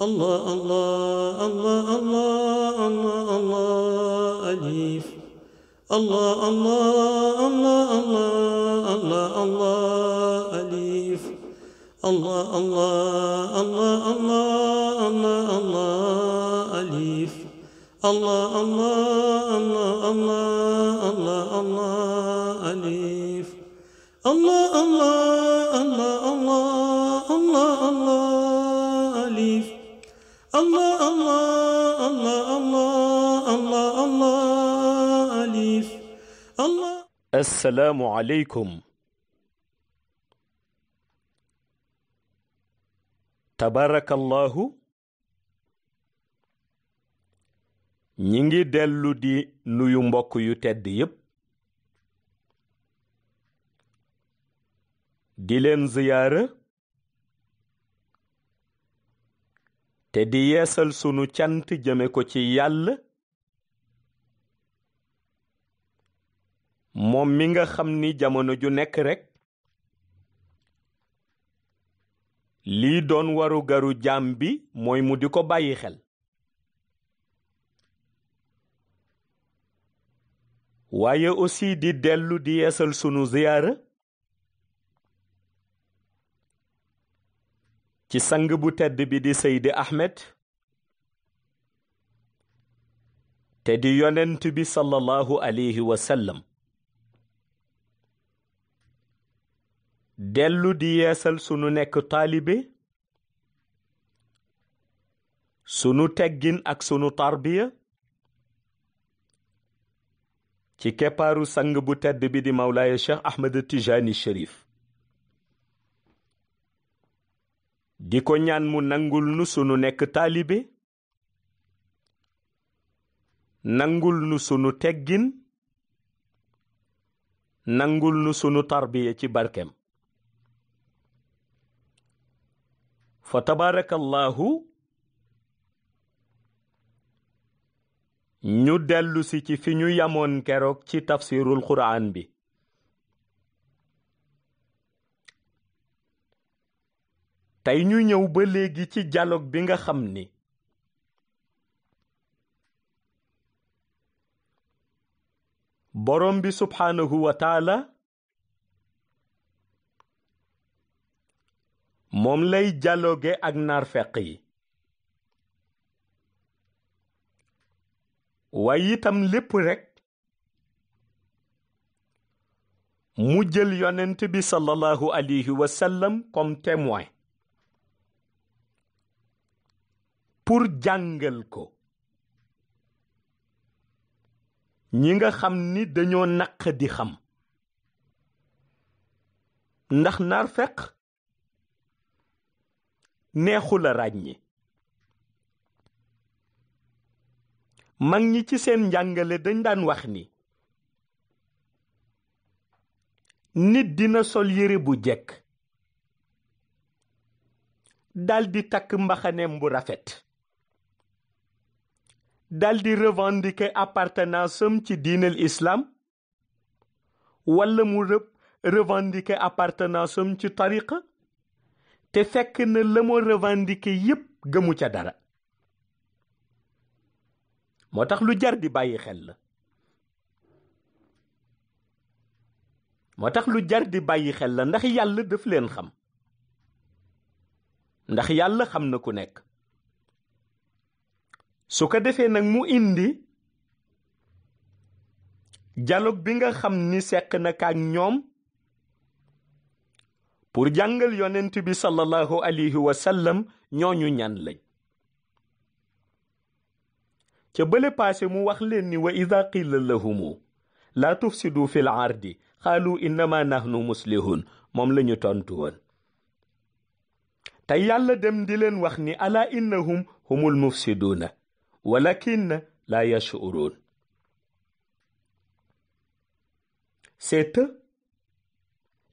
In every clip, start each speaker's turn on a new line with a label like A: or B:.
A: الله الله الله الله الله الله أليف الله الله الله الله الله الله أليف الله الله الله الله الله الله أليف الله الله الله الله الله الله أليف الله الله assalaamu aleykum tabarakallahu ñi ngi dellu di nuyu mbokk yu tedd yépp di leen ziyaara te di yeesal sunu cant jëme ko ci yàlla moom mi nga xam ni jamono ju nekk rekk lii doon waru garu jaam bi mooy mu di ko bàyyi xel waaye aussi di dellu di yeesal sunu ziyaara ci sang bu tedd bi di Seydi Ahmed te di yonent bi sallallahu alayhi wa sallam dellu di yeesal sunu nekk taalibe sunu teggin ak sunu tarbiya ci keppaaru sang bu tedd bi di mawlaaya cheikh ahmed tijaani sharif di ko ñaan mu nangul nu sunu nekk taalibe nangul nu sunu teggin nangul nu sunu tarbiya ci barkem fa tabaarakallaahu ñu dellusi ci fi ñu yamoon keroog ci tafsirul quraan bi tey ñu ñëw ba léegi ci dialogue bi nga xam ni borom bi subhaanahu wa taala moom lay dialogue ak naarfeq yi waaye itam lépp rekk mu jël yonent bi sallallahu alayhi wa sallam comme pour jàngal ko ñi nga xam ni dañoo naq di xam ndax naar neexula ràññi mag ñi ci seen njàngale dañ daan wax ni nit dina sol yére bu jekk daldi takk mbaxaneem bu rafet daldi revendiquer appartenance am ci diinal islam walla mu rëb revendiquer appartenance ci tariqa te fekk na la mu revendiqué yépp gëmu ca dara moo tax lu jar di bàyyi xel la moo tax lu jar di bàyyi xel la ndax yàlla daf leen xam ndax yàlla xam na ku nekk su ko defee nag mu indi dialogue bi nga xam ni seq na kaak ñoom pour jàngal yonent bi sallallahu alayhi wa sallam ñooñu ñan lañ ca bële paase mu wax leen ni wa ida qila laa tufsidu fil ardi xaalu innama nahnu muslihun moom la ñu tontu woon te yàlla dem di leen wax ni ala innahum humul mufsiduuna walakinna laa yashuruun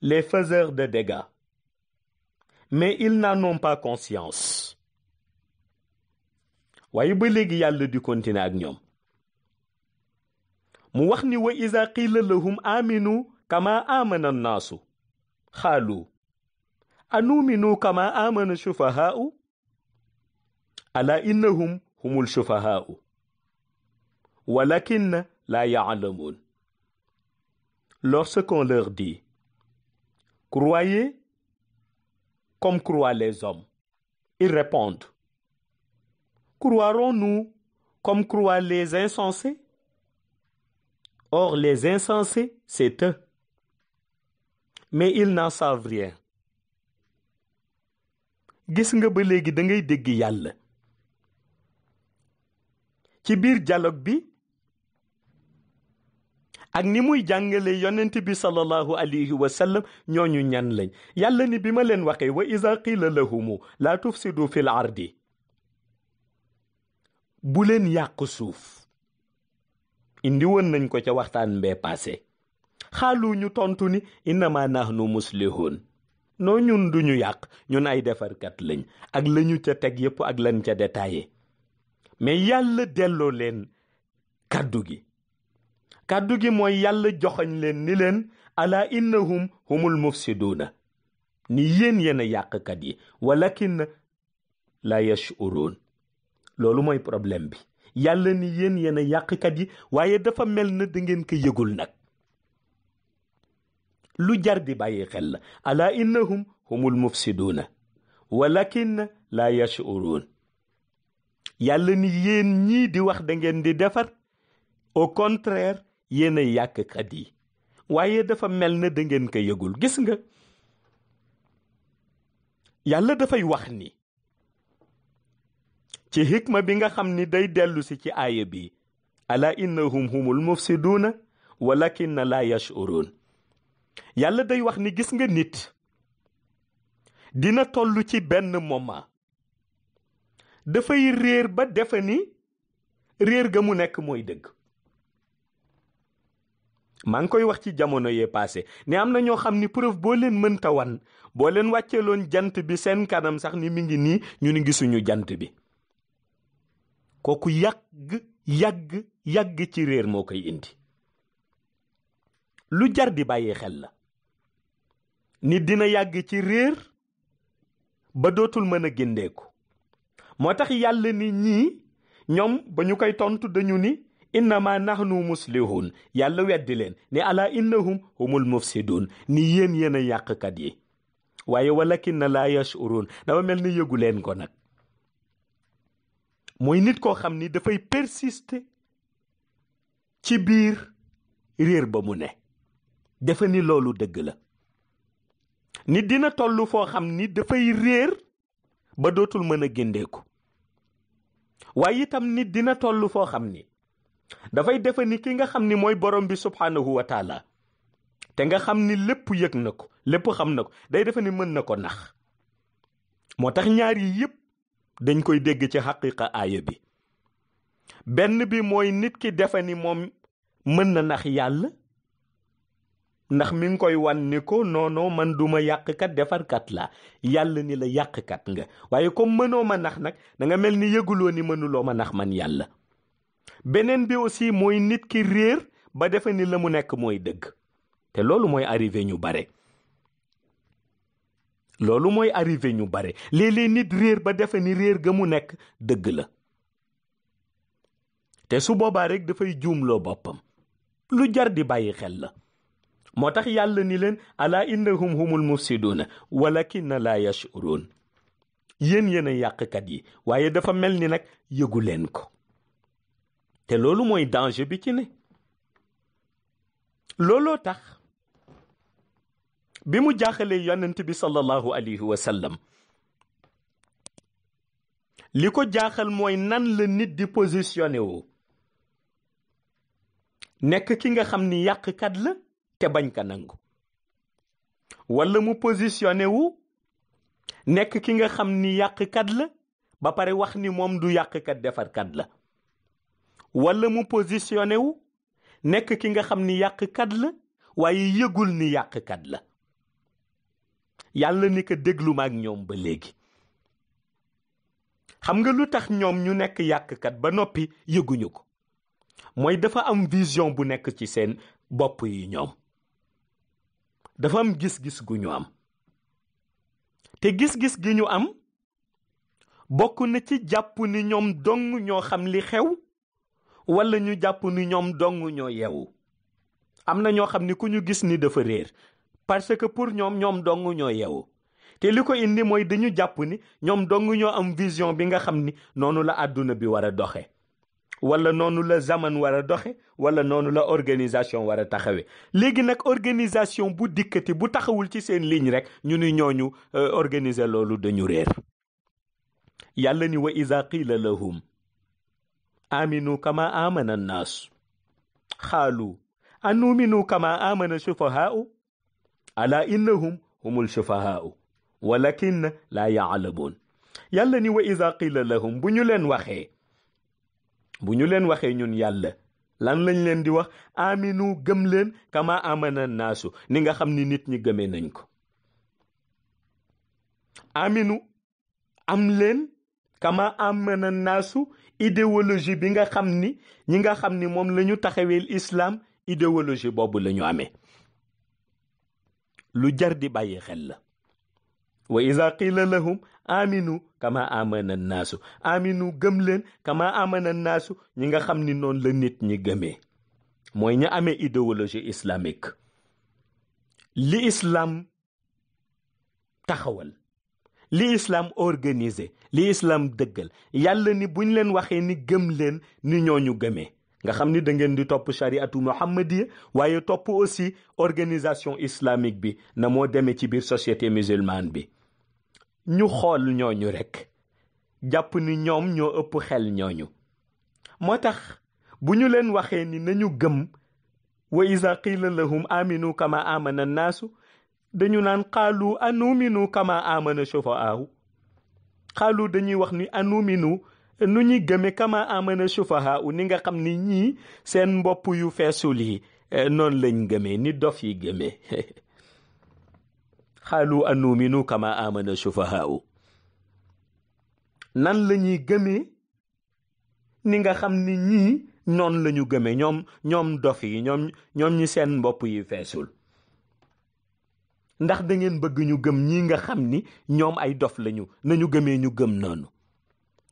A: le faiseurs de dégâts. Mais ils n'en ont pas conscience waaye ba léegi yàlla di continuer ak ñoom mu wax ni wa iza qila lahum aminu kama amana annaasu xaalu anuminu kama amana shufahaa'u ala innahum humul shufahaa'u walakinna la ya'lamun lorsqu'on leur dit Croyez comme croient les hommes. Ils répondent, Croirons-nous comme croient les insensés Or les insensés, c'est eux. Mais ils n'en savent rien. gis nga ba léegi da ngay dégg yàlla ci biir dialogue bi ak ni muy jàngale yonent bi sallallahu alayhi wa ñoo ñu ñan lañ yàlla ni bi ma leen waxee wa iza qila lahumu laa tufsidu fil ardi bu leen yàq suuf indi woon nañ ko ca waxtaan bee passé xaalu ñu tontu ni innama nahnu muslihun noo ñun duñu yàq ñun ay defarkat lañ ak lañu ca teg yépp ak lañ ca détaillé mais yàlla delloo leen kàddu gi kàddu gi mooy yàlla joxoñ leen ni leen ala innahum humul mufsiduuna ni yéen yéen a yàqkat yi walakin la yash'uruun loolu mooy problème bi yàlla ni yéen yéen a yàqkat yi waaye dafa mel na da ngeen ko yëgul nag lu jar di bàyyi xel la ala innahum humul mufsiduuna walakin la yash'uruun yàlla ni yéen ñii di wax dangeen di defar au contraire yéen a yàqkat yi waaye dafa mel na da ko yëgul gis nga yàlla dafay wax ni ci xikma bi nga xam ni day dellusi ci aaya bi ala innahum humul mufsiduuna walakinna la yash'uruun yàlla day wax ni gis nga nit dina toll ci benn moment dafay réer ba defe ni réer ga mu nekk mooy dëgg maa ngi koy wax ci jamono yee passé ne am na ñoo xam ni preuve boo leen mënta wan boo leen wàcceeloon jant bi seen kanam sax ni mi ngi nii ñu ni gisuñu jant bi kooku yàgg yàgg yàgg ci réer moo koy indi lu jar di bàyyi xel la nit dina yàgg ci réer ba dootul mën a génneeku moo tax yàlla ni ñii ñoom ba ñu koy tontu dañu ni innama nahnu muslihun yàlla weddi leen ne ala innahum humul mufsidun ni yéen yéen a yàqkat yi waaye walla walakinna la yashurun dafa mel ni yëgu leen ko nag mooy nit koo xam ni dafay persister ci biir réer ba mu ne dafa ni loolu dëgg la nit dina toll foo xam ni dafay réer ba dootul mën a géndeeku waaye itam nit dina toll foo xam ni dafay defe ni ki nga xam ni mooy borom bi subhaanahu wa te nga xam ni lépp yëg na ko lépp xam na ko day defe ni mën na ko nax moo tax ñaar yi yëpp dañ koy dégg ci xaqiqa bi benn bi mooy nit ki defe ni moom mën na nax yàlla ndax mi ngi koy wan ni ko noonoo man duma yàqkat defarkat la yàlla ni la yàqkat nga waaye comme mënoo ma nax nag danga mel ni yëguloo ni mënuloo ma nax man yàlla beneen bi aussi mooy nit ki réer ba defe ni la mu nekk mooy dëgg te loolu mooy arrivé ñu bare loolu mooy arrivé ñu bare léeg nit réer ba defe ni réer ga mu nekk dëgg la te su boobaa rek dafay juumloo boppam lu jar di bàyyi xel la moo tax yàlla ni leen alaa ala innahum humul mufsiduuna walakinna laa yashuruun yéen yéen a yàqkat yi waaye dafa mel ni nag yëgu leen ko te loolu mooy danger bi ci ne looloo tax bi mu jaaxalee yonent bi sallallahu alayhi wa sallam li ko jaaxal mooy nan la nit di positionné woo nekk ki nga xam ni yàqkat la te bañ ka nangu walla mu positionné wu nekk ki nga xam ni yàqkat la ba pare wax ni moom du yàqkat defarkat la walla mu positionné wu nekk ki nga xam ni yàqkat la waaye yëgul ni yàqkat la yàlla ni ko déglu ak ñoom ba léegi xam nga lu tax ñoom ñu nekk yàqkat ba noppi yëguñu ko mooy dafa am vision bu nekk ci seen bopp yi ñoom dafa am gis-gis gu ñu am te gis-gis gi ñu am bokk na ci jàpp ni ñoom dong ñoo xam li xew wala ñu jàpp ni ñoom dong ñoo yeewu am na ñoo xam ni ku ñu gis ni dafa réer parce que pour ñoom ñoom dong ñoo yeewu te li ko indi mooy dañu jàpp ni ñoom dong ñoo am vision bi nga xam ni noonu la àdduna bi war a doxe wala noonu la zaman war a doxe wala noonu la organisation war a taxawe léegi nag organisation bu dikkati bu taxawul ci seen ligne rek ñu ni ñooñu euh, organiser loolu dañu réer yàlla ni wa iza qila lahum aminu kama amanan nasu halu an numinu kama amana shufaha'u ala innahum humul shufaha'u walakin la ya'lamun yàlla ni wa iza qila lahum bu ñu leen waxee bu ñu leen waxee ñun yàlla lan lañ leen di wax aminu gëm leen kama amana naasu ni nga xam ni nit ñi gëmee nañ ko aminu am leen kama amana naasu idéologie bi nga xam ni ñi nga xam ni moom lañu ñu taxaweel islam idéologie boobu lañu amee lu jar di bàyyi xel la wa iza qila lahum aminu kama amana naasu aminu gëm leen kama amana naasu ñi nga xam ni noonu la nit ñi gëmee mooy ña amee idéologie islamique li islam taxawal li islam organisé li islam dëggal yàlla ni buñ leen waxee ni gëm leen ni ñu gëmee nga xam ni dangeen di topp chariatu muhammadiya waaye topp aussi organisation islamique bi na moo demee ci biir société musulmane bi ñu xool ñooñu rekk jàpp ni ñoom ñoo ëpp xel ñooñu moo tax bu ñu leen waxee ni nañu gëm wa iza qila lahum aminu kama amana dañu naan xaalu anuminu kama amana sufahaahu xaalu dañuy wax ni anuminu nu kama amana ni nga xam ni ñii seen mbopp yu feesul yi eh, noon lañ gëmee ni dof yi gëmee xaalu anuminu kama amana sufahaahu nan la ñuy ni nga xam ni ñii noonu la ñu ñoom dof yi ñoom ñoom ñi seen mbopp yi feesul ndax da ngeen bëgg ñu gëm ñii nga xam ni ñoom ay dof lañu nañu gëmee ñu gëm noonu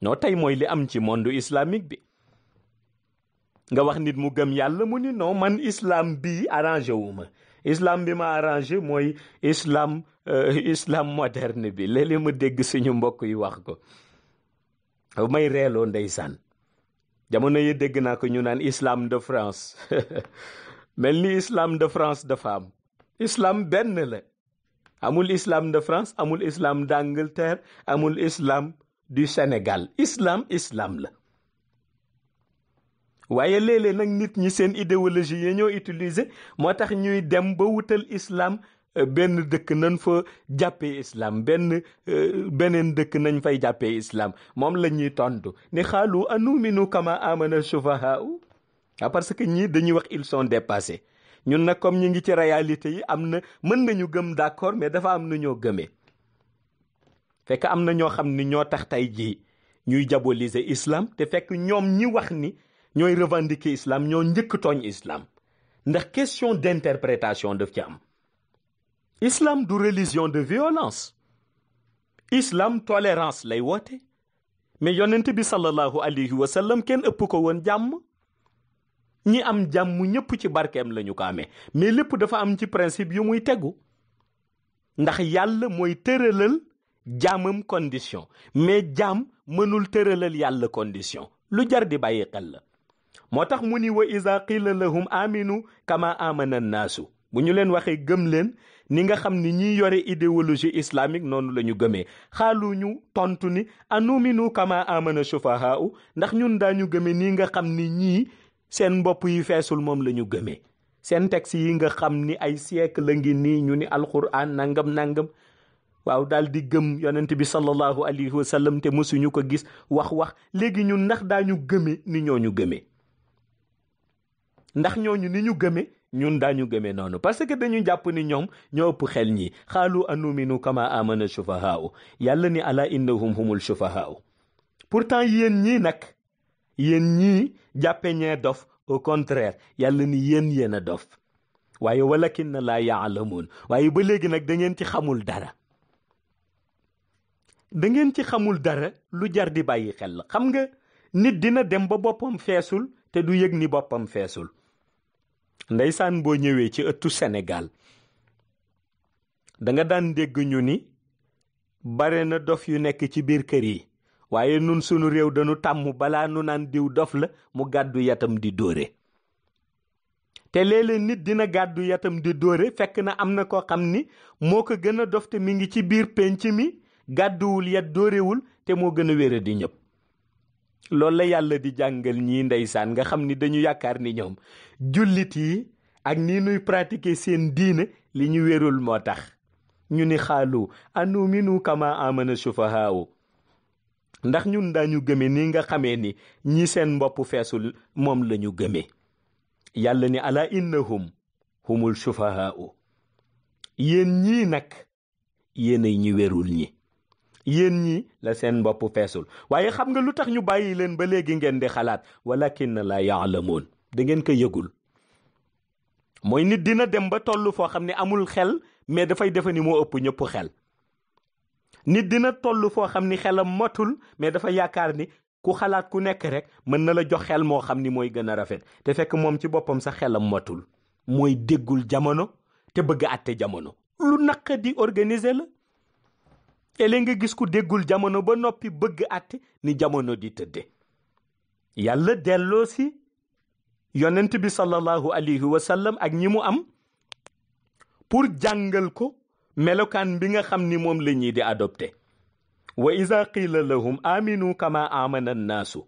A: noo tey mooy li am ci monde islamique bi nga wax nit mu gëm yàlla mu ni non man islaam bii arrangé wu ma islam bi ma arrangé mooy islam euh, islam moderne bi léeg ma dégg suñu mbokk yi wax ko may reeloo ndeysaan jamono yi dégg naa ko ñu naan islaam de France mel ni islam de France dafa am islaam benn la amul islaam de France amul islaam d'Angleterre amul islaam du Sénégal islaam islaam la waaye léeg-léeg nag nit ñi seen idéologie yi ñoo utiliser moo tax ñuy dem ba wutal islam euh, benn dëkk nañ fa jàppee islam benn euh, beneen dëkk nañ fay jàppee islam moom la ñuy tontu ni xaalu anuminu kama amana sufahaau ah parce que ñii dañuy wax ils sont dépassés ñun nag comme ñu ngi ci réalité yi am na mën nañu gëm d'accord mais dafa am na ñoo gëmee fekk am na ñoo xam ni ñoo tax tey jii ñuy diaboliser islam te fekk ñoom ñi wax ni ñooy revendiquer islam ñoo njëkk tooñ islam ndax question d'interprétation daf ci am islam du religion de violence islam tolérance lay woote mais yonent bi sallallahu alayhi wa sallam kenn ëpp ko woon jàmm ñi am jàmm ñëpp ci barkeem la ñu ko amee mais lépp dafa am ci principe yu muy tegu ndax yàlla mooy tëralal jaamam condition mais jaam mënul tëralal yàlla condition lu jar di bàyyi xel la moo tax mu ni wa iza qila lahum aminu kama amana naasu bu ñu leen waxee gëm leen ni nga xam ni ñiy yore idéologie islamique noonu la ñu gëmee xaalu ñu tontu ni anuminu kama amana sufahaau ndax ñun daañu gëmee nii nga xam ni ñii seen mbopp yi feesul moom la ñu gëmee seen texte yi nga xam ni ay siècle la ngi nii ñu ni alquran nangam nàngam waaw daal di gëm yonent bi sallallahu alayhi wa te mosuñu ko gis wax wax léegi ñun ndax daañu gëmee ni ñu gëmee ndax ñooñu ni ñu gëmee ñun daañu gëmee noonu parce que dañu jàpp ni ñoom ñoo ëpp xel ñi xaalu anuminu kama amana shufahaau yàlla ni ala innahum humul shufahaau pourtant yéen ñii nag yéen ñii jàppe ñee dof au contraire yàlla ni yéen yéen a dof waaye walakin na laa yaalamuun waaye ba léegi nag da ngeen ci xamul dara dangeen ci xamul dara lu jar di bàyyi xel xam nga nit dina dem ba boppam feesul te du yëg ni boppam feesul ndeysaan boo ñëwee ci ëttu Sénégal danga daan dégg ñu ni bare na dof yu nekk ci biir kër yi waaye nun sunu réew dañu tàmm balaa nu naan diw dof la mu gàddu yatam di dóore te léeg nit dina gàddu yatam di dóore fekk na am na koo xam ni moo ko gën a dof te mi ngi ci biir penc mi gàdduwul yat dóorewul te moo gën a wére di ñëpp loolu la yàlla di jàngal ñii ndeysaan nga xam ni dañu yaakaar ni ñoom jullit yi ak nii nuy pratiquer seen diine li ñu wérul moo tax ñu ni xaalu anuminu kama na sufahaawu ndax ñun daañu gëme nii nga xamee ni ñi seen mboppu feesul moom lañu gëme yàlla ni ala innahum humul sufahaau yéen ñii nag yéenay ñi wérul ñi yéen ñi la seen bopp feesul waaye xam nga lu tax ñu bàyyi leen ba léegi ngeen di xalaat walakin la yaalamoon da ngeen ko yëgul mooy nit dina dem ba toll foo xam ne amul xel mais dafay defe ni moo ëpp ñëpp xel nit dina toll foo xam ni xelam matul mais dafa yaakaar ni ku xalaat ku nekk rek mën na la jox xel moo xam ni mooy gën a rafet te fekk moom ci boppam sax xelam matul mooy déggul jamono te bëgg àtte jamono lu naqa di organise la te nga gis ku déggul jamono ba noppi bëgg àtte ni jamono di tëdde yàlla delloo si yonent bi sallallahu alayhi wa sallam ak ñi mu am pour jàngal ko melokaan bi nga xam ni moom la di adopté wa iza qila lahum aminu kama amana naasu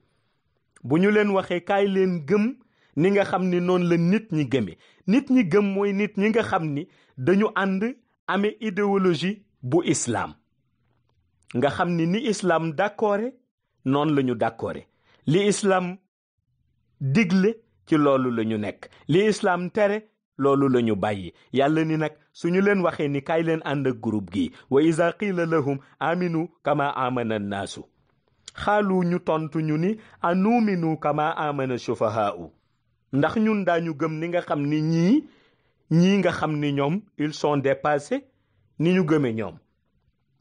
A: bu ñu leen waxee kaay leen gëm ni nga xam ni noonu la nit ñi gëme nit ñi gëm mooy nit ñi nga xam ni dañu ànd ame idéologie bu islaam nga xam ni ni islaam d'accord noonu la ñu d'accord li islaam digle ci loolu lañu nekk li islaam tere loolu la ñu bàyyi yàlla ni nag suñu leen waxee ni kaay leen ànd ak groupe gi wa iza qila lahum aminu kama amana annaasu xaalu ñu tontu ñu ni anuminu kama amana sufahaau ndax ñun daañu gëm ni nga xam ni ñii ñii nga xam ni ñoom ils sont dépassés ni ñu gëme ñoom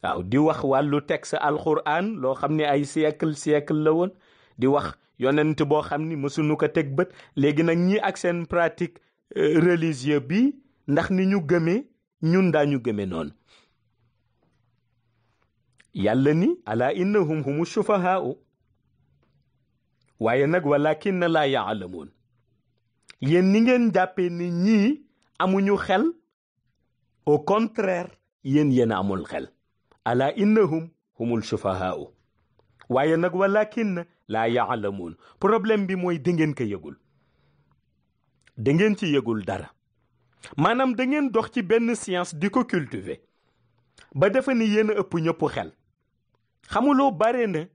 A: waaw di wax wàllu texte alquran loo xam ni ay siècle siècle la woon di wax yonent boo xam ni mësuñu ko teg bët léegi nag ñii ak seen pratique religieux bi ndax ni ñu gëme ñun daañu gëme noon yàlla ni ala innahum humu sufahaau waaye nag walakin laa yaalamuun yéen ni ngeen jàppee ni ñii amuñu xel au contraire yéen yéen amul xel ala innahum humul sufahaau waaye nag walakin laa yaalamuun problème bi mooy di ngeen ko yëgul da ci yëgul dara maanaam da ngeen dox ci benn science di ko cultiver ba defe ni yéen a ëpp ñëpp xel xamuloo bare na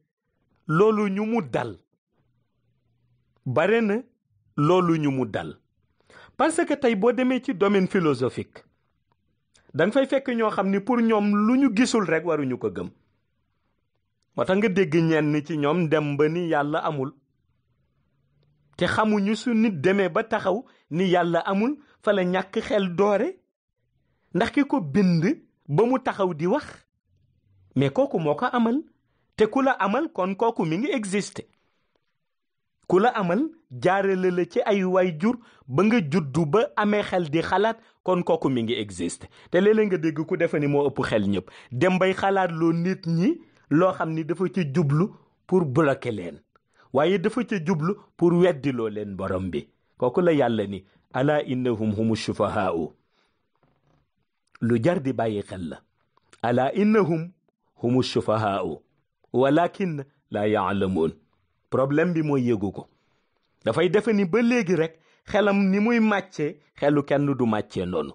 A: loolu ñu mu dal bare na loolu ñu mu dal parce que tey boo demee ci domaine philosophique da nga fay fekk ñoo xam ni pour ñoom lu ñu gisul rek waruñu ko gëm moo nga dégg ñenn ci ñoom dem ba ni yàlla amul te xamuñu su nit demee ba taxaw ni yàlla amul fa la ñàkk xel doore ndax ki ko bind ba mu taxaw di wax mais kooku moo ko amal te ku la amal kon kooku mi ngi exister ku la amal jaarele la ci ay waay jur ba nga juddu ba amee xel di xalaat kon kooku mi ngi exister te léeg nga dégg ku defa ni moo ëpp xel ñëpp dem bay xalaat loo nit ñi loo xam ni dafa ci jublu pour bloquer leen waaye dafa ci jublu pour weddiloo leen borom bi kooku la yàlla ni ala innahum humu sufahaau lu jar di bàyyi xel la ala innahum humu sufahaau walakin la yaalamuun problème bi mooy yëgu ko dafay defe ni ba léegi rek xelam ni muy màccee xelu kenn du màccee noonu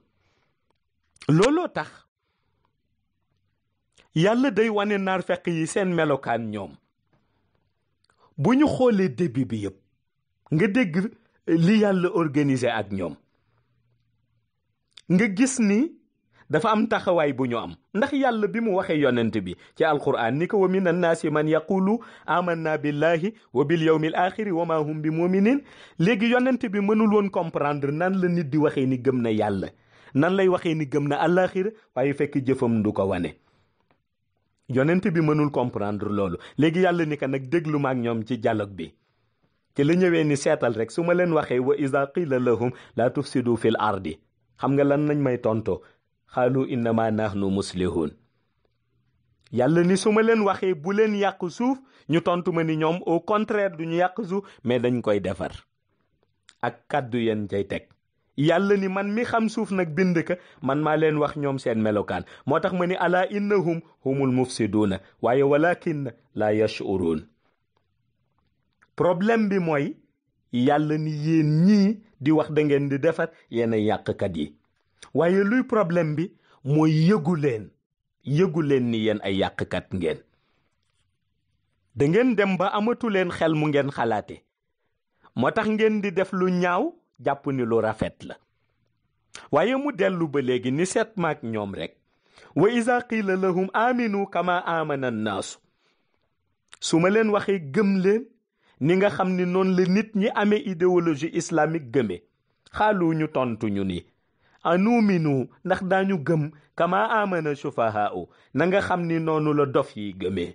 A: looloo tax yàlla day wane naar fekk yi seen melokaan ñoom bu ñu xoolee début bi yëpp nga dégg li yàlla organisé ak ñoom nga gis ni dafa am taxawaay bu ñu am ndax yàlla bi mu waxee yonent bi ci alquran ni ko wa min annaasi man yaqulu amanna billahi wa bil yawmil axiri wa ma hum bi muminin léegi yonent bi mënul woon comprendre nan la nit di waxee ni gëm na yàlla nan lay waxee ni gëm na àllaaxira waaye fekk jëfam du ko wane yonent bi mënul comprendre loolu léegi yàlla ni ko nag déglu ma ak ñoom ci dialogue bi ci la ñëwee ni seetal rek su ma leen waxee wa iza qila lahum la tufsidu fil ardi xam nga lan nañ may tontoo xaalu innama nahnu muslihun yàlla ni su ma leen waxee bu leen yàq suuf ñu tontu ma ni ñoom au contraire du ñu yàq suuf mais dañ koy defar ak kàddu yéen cay teg yàlla ni man mi xam suuf nag bind ka man maa leen wax ñoom seen melokaan moo tax ma ni ala innahum humul na waaye laa la yashuruun problème bi mooy yàlla ni yéen ñii di wax da ngeen di defar yéen a yàqkat yi waaye luy problème bi mooy yëgu leen yëgu ni yéen ay yàqkat ngeen da ngeen dem ba amatu leen xel mu ngeen xalaate moo tax ngeen di def lu ñaaw jàpp ni lu rafet la waaye mu dellu ba léegi ni seet maak ñoom rek wa iza qila lahum aminu kama amana naasu su ma leen waxee gëm leen ni nga xam ni noonu la nit ñi amee idéologie islamique gëmee xaalu ñu tontu ñu ni anuminu ndax daañu gëm kama amana sufahaa na nga xam ni noonu la dof yi gëmee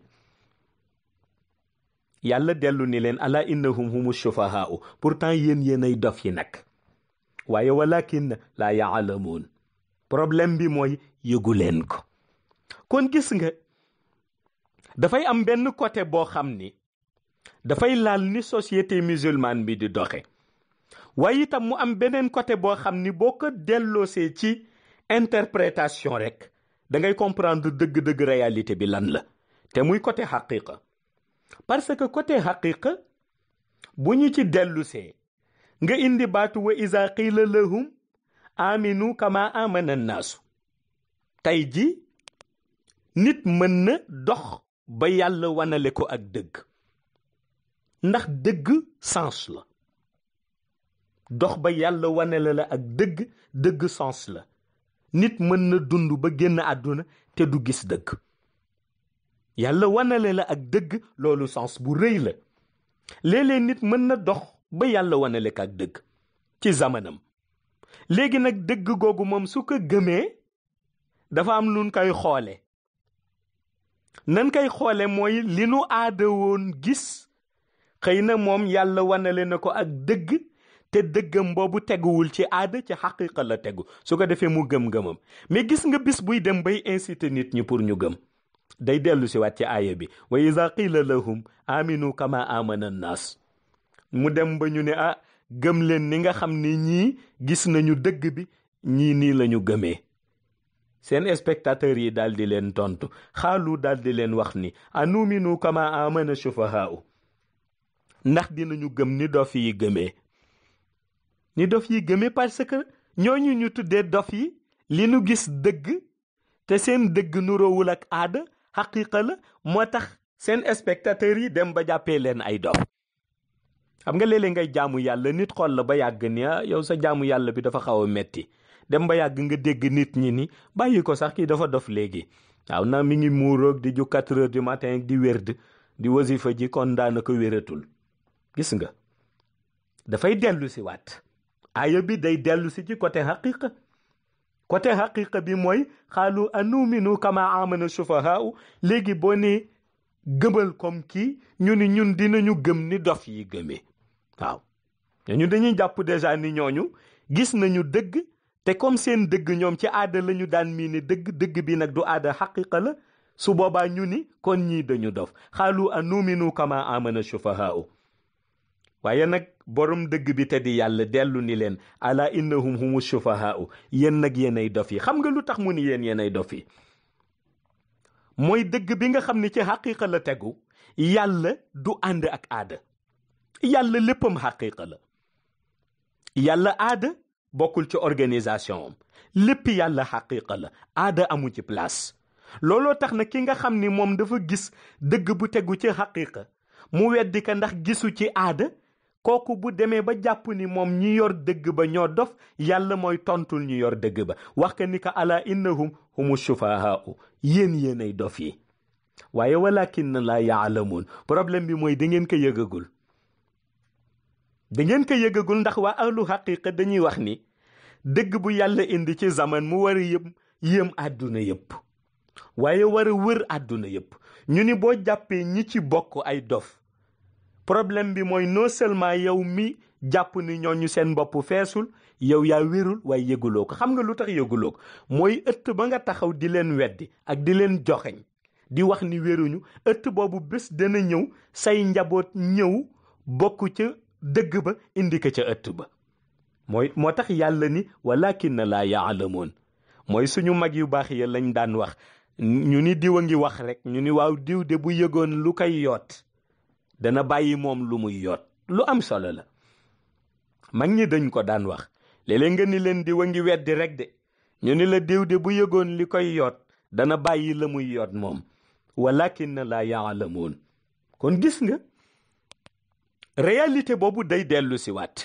A: yàlla dellu ni leen ala innahum humu sufahaau pourtant yéen ay dof yi nag waaye walla la laa yaalamuun problème bi mooy yëguleen ko kon gis nga dafay am benn côté boo xam ni dafay laal ni société musulmane bi di doxe waaye itam mu am beneen côté boo xam ni boo ko delloosee ci interprétation rek da ngay comprendre dëgg-dëgg réalité bi lan la te muy côté xaqiqa parce que côté xaqiqa bu ñu ci dellusee nga indi baatu wa isa qiila lahum aminu kama amana naasu tey ji nit mën na dox ba yàlla wanale ko ak dëgg ndax dëgg sens la dox ba yàlla wanale la ak dëgg dëgg sens la nit mën na dund ba génn àdduna te du gis dëgg yàlla wanale la ak dëgg loolu sens bu rëy la léeg-léeg nit mën na dox ba yàlla wanale ko ak dëgg ci zamanam léegi nag dëgg googu moom su ko gëmee dafa am nun koy xoole nan koy xoole mooy li nu aada woon gis xëy na moom yàlla wanale na ko ak dëgg te dëggam boobu teguwul ci aada ci xaqiqa la tegu su ko defee mu gëm-gëmam mais gis nga bis buy dem bay inciter nit ñi pour ñu gëm day dellu si waat aaya bi wa iza qila lahum aminu kama amana nas mu dem ba ñu ne ah gëm leen ni nga xam ni ñii gis nañu dëgg bi ñii nii lañu gëmee seen spectateurs yi daal di leen tontu xaalu daldi leen wax ni anuminu kama amana sufahaau ndax dinañu gëm ni dof yi gëmee ni dof yi gëmee parce que ñooñu ñu tuddee dof yi li nu gis dëgg te seen dëgg nuroowul ak aada xaqiiqa la moo tax seen spectateurs yi dem ba jàppee leen ay dof xam nga léeg ngay jaamu yàlla nit xool la ba yàgg ni ah, yow sa jaamu yàlla bi dafa xaw a metti dem ba yàgg nga dégg nit ñi ni bàyyi ko sax kii dafa dof léegi waaw na mi ngi muuroog di ju quatre heures du matin di wérd di wasifa ji kon daanaka wératul gis nga dafay dellu si aaya bi day dellu si ci côté xaqiqa côté xaqiqa bi mooy xaalu anuminu kama amana sufahaau léegi boo ne gëmal comme kii ñu ni ñun dinañu gëm ni dof yi gëmee waaw ñooñu dañuy jàpp déjà ni ñooñu gis nañu dëgg te comme seen dëgg ñoom ci aada la ñu daan mii ni dëgg dëgg bi nag du aada xaqiqa la su boobaa ñu ni kon ñii dañu dof xaalu anuminu kama amana sufahaau waaye nag borom dëgg bi te di yàlla dellu ni leen ala innahum humu sufahaau yéen nag yéenay dof yi xam nga lu tax mu ni yéen yéenay dof yi mooy dëgg bi nga xam ni ci xaqiqa la tegu yàlla du ànd ak aada yàlla léppam xaqiqa la yàlla aada bokkul ci organisation am lépp yàlla xaqiqa la aada amu ci place looloo tax na ki nga xam ni moom dafa gis dëgg bu tegu ci xaqiqa mu weddi ka ndax gisu ci aada kooku bu demee ba jàpp ni moom ñi yor dëgg ba ñoo dof yàlla mooy tontul ñi yor dëgg ba wax ka ni ka ala innahum humu sufahaau yéen yéen ay dof yi waaye walla walakin laa yaalamuun problème bi mooy da ngeen ko yëgagul da ngeen ko yëgagul ndax waa ahlu xaqiqa dañuy wax ni dëgg bu yàlla indi ci zaman mu war a yëpp àdduna yëpp waaye war a wër àdduna yëpp ñu ni boo jàppee ñi ci bokk ay dof problème bi mooy noo seulement yow mi jàpp ni ñooñu seen bopp feesul yow yaa wérul waaye yëguloo ko xam nga lu tax yëguloo ko mooy ëtt ba nga taxaw di leen weddi ak di leen joxeñ di wax ni wéruñu ëtt boobu bés dana ñëw say njaboot ñëw bokk ca dëgg ba indi ko ca ëtt ba mooy moo tax yàlla ni walakin laa yaalamoon mooy suñu mag yu baax ya lañ daan wax ñu ni diw a ngi wax rek ñu ni waaw diw de bu yëgoon lu koy yoot dana bàyyi moom lu muy yoot lu am solo la mag ñi dañ ko daan wax léeg-léeg nga ni leen di wa ngi weddi rek de ñu ni la diw bu yëgoon li koy yoot dana bàyyi la muy yoot moom walakin la yaalamuun kon gis nga réalité boobu day dellu waat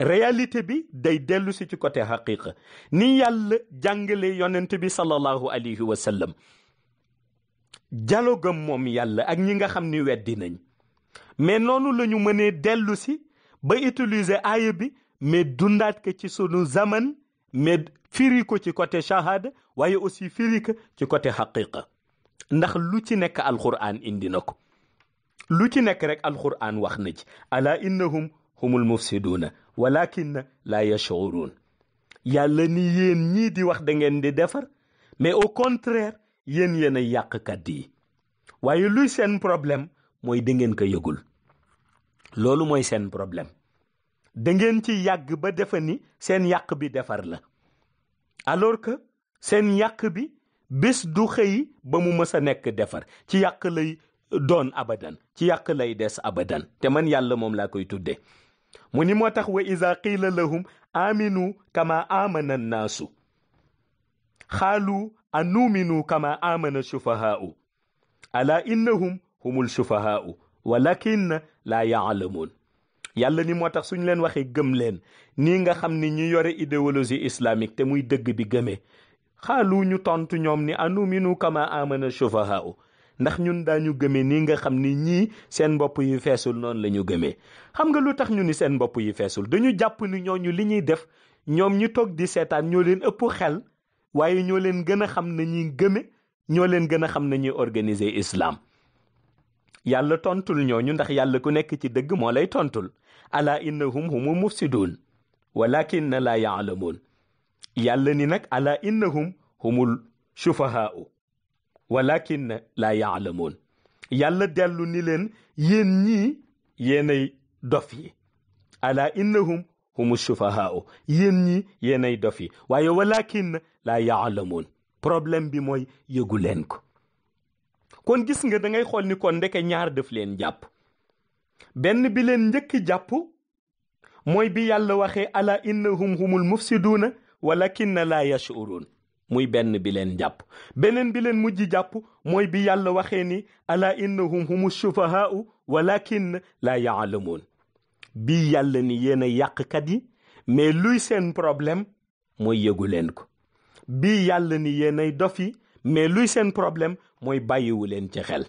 A: réalité bi day dellu si ci côté xaqiqa ni yàlla jàngale yonent bi sallallahu alayhi wa sallam dialogam moom yàlla ak ñi nga xam ni weddi nañ mais noonu la ñu mënee dellu si ba utiliser aaya bi mais dundaat ko ci sunu zaman mais firi ko ci côté shahada waaye aussi firi ci côté xaqiqa ndax lu ci nekk alquran indi na ko lu ci nekk rek alquran wax na ci ala innahum humul mufsiduuna walakinna laa yash'uruun yàlla ni yéen ñii di wax dangeen di defar mais au contraire yéen yéen a yàqkat yi waaye luy seen problème mooy dangeen ko yëgul loolu mooy seen problème dangeen ci yàgg ba defe ni seen yàq bi defar la alors que seen yàq bi bés du xëy ba mu mës a nekk defar ci yàq lay doon abadan ci yàq lay des abadan te man yàlla moom laa koy tuddee mu ni moo tax wa iza qiila lahum aminu kama amana nnaasu قالوا أنؤمن كما آمن السفهاء ألا إنهم هم السفهاء walakin la yaalamuun yàlla ni moo tax suñ leen waxee gëm leen nii nga xam ni ñi yore idéologie islamique te muy dëgg bi gëmee xaalu ñu tontu ñoom ni anuminu kama amana sufahaau ndax ñun daañu gëmee nii nga xam ni ñii seen mbopp yu feesul noonu lañu ñu gëmee xam nga lu tax ñu ni seen bopp yi feesul dañu jàpp ni ñooñu li ñuy def ñoom ñi toog di seetaan ñoo leen ëpp xel waaye ñoo leen gën a xam na ñuy gëme ñoo leen gën a xam na ñuy organiser islaam yàlla tontul ñu ndax yàlla ku nekk ci dëgg moo lay tontul ala innahum humu mufsiduun walakinna laa yaalamuun yàlla ni nag ala innahum humul sufahaau walakinna laa yaalamuun yàlla dellu ni leen yéen ñii yéenay dof yi ala innahum humu sufahaau yéen ñi yéenay dof yi waaye walakin laa yaalamuun problème bi mooy yëgu leen ko kon gis nga dangay ngay xool ni kon ndeke ñaar def leen jàpp benn bi leen njëkk jàpp mooy bi yàlla waxee ala innahum humul mufsiduuna walakinna laa yashuruun muy benn bi leen jàpp beneen bi leen mujj jàpp mooy bi yàlla waxee ni ala innahum humu sufahaau walakin laa yaalamuun bii yàlla ni yéen a yàqkat yi mais luy seen problème mooy yëgu leen ko bii yàlla ni yéen ay dof yi mais luy seen problème mooy bàyyiwu leen ci xel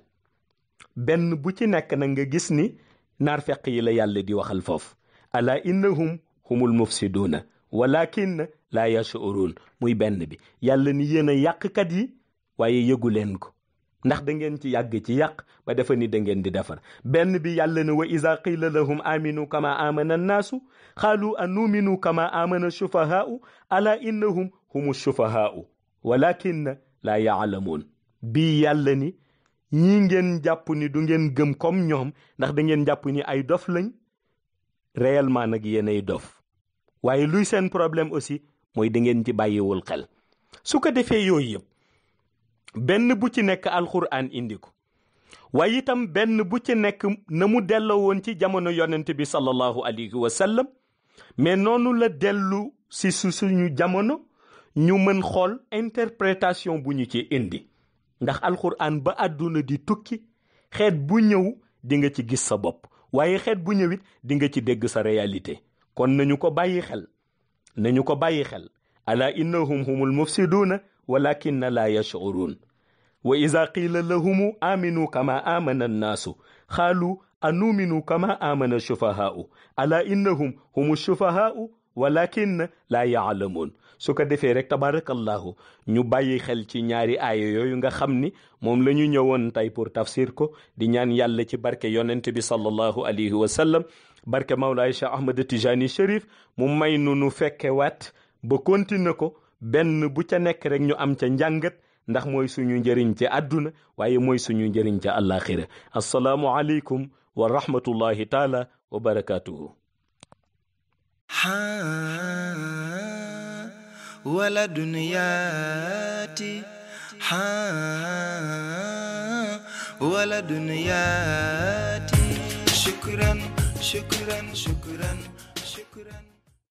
A: benn bu ci nekk na nga gis ni nar feq yi la yàlla di waxal foofu ala innahum humul mufsiduuna walakin laa yashuruun muy benn bi yàlla ni yéen a yàqkat yi waaye yëgu leen ko ndax da ngeen ci yàgg ci yàq ba defa ni da di defar benn bi yàlla ne wa iza qila lahum aminu kama amana naasu qaalu anuminu kama amana shufahaau ala innahum humu shufahaau walakinna laa yaalamuun bi yàlla ni ñii ngeen jàpp ni du ngeen gëm comme ñoom ndax da ngeen jàpp ni ay dof lañ réellement nag yéenay dof waaye luy seen problème aussi mooy da ngeen ci bàyyiwul xel su ko defee yooyu yëpp benn bu ci nekk alxuraan indi ko waay itam benn bu ci nekk na mu delloo woon ci jamono yonent bi sallallahu alayhi wa sallam mais noonu la dellu si su suñu jamono ñu mën xool interprétation bu ñu ci indi ndax alxuraan ba àdduna di tukki xeet bu ñëw di nga ci gis sa bopp waaye xeet bu ñëwit di nga ci dégg sa réalité kon nañu ko bàyyi xel nañu ko bàyyi xel ala innahum humul mufsiduuna walakinna la yash'urun wa iza qila lahumu aminu kama amana an-nasu qalu anuminu kama amana shufahaa'u ala innahum humu shufahaa'u walakin la ya'lamun su ko defee rek tabarakallahu ñu bàyyi xel ci ñaari aaya yooyu nga xam ni moom la ñu ñëwoon tey pour tafsir ko di ñaan yàlla ci barke yonent bi sallallahu alayhi wa sallam barke Mawlaay Cheikh Ahmed Tijani Cherif mu may nu nu fekke wat ba continuer ko benn bu ca nekk rek ñu am ca njàngat ndax mooy suñu njëriñ ca àdduna waaye mooy suñu njëriñ ca àllaaxira assalaamu aleykum wa rahmatullahi taala wa barakaatuhu wala dunyaati wala dunyaati shukran shukran shukran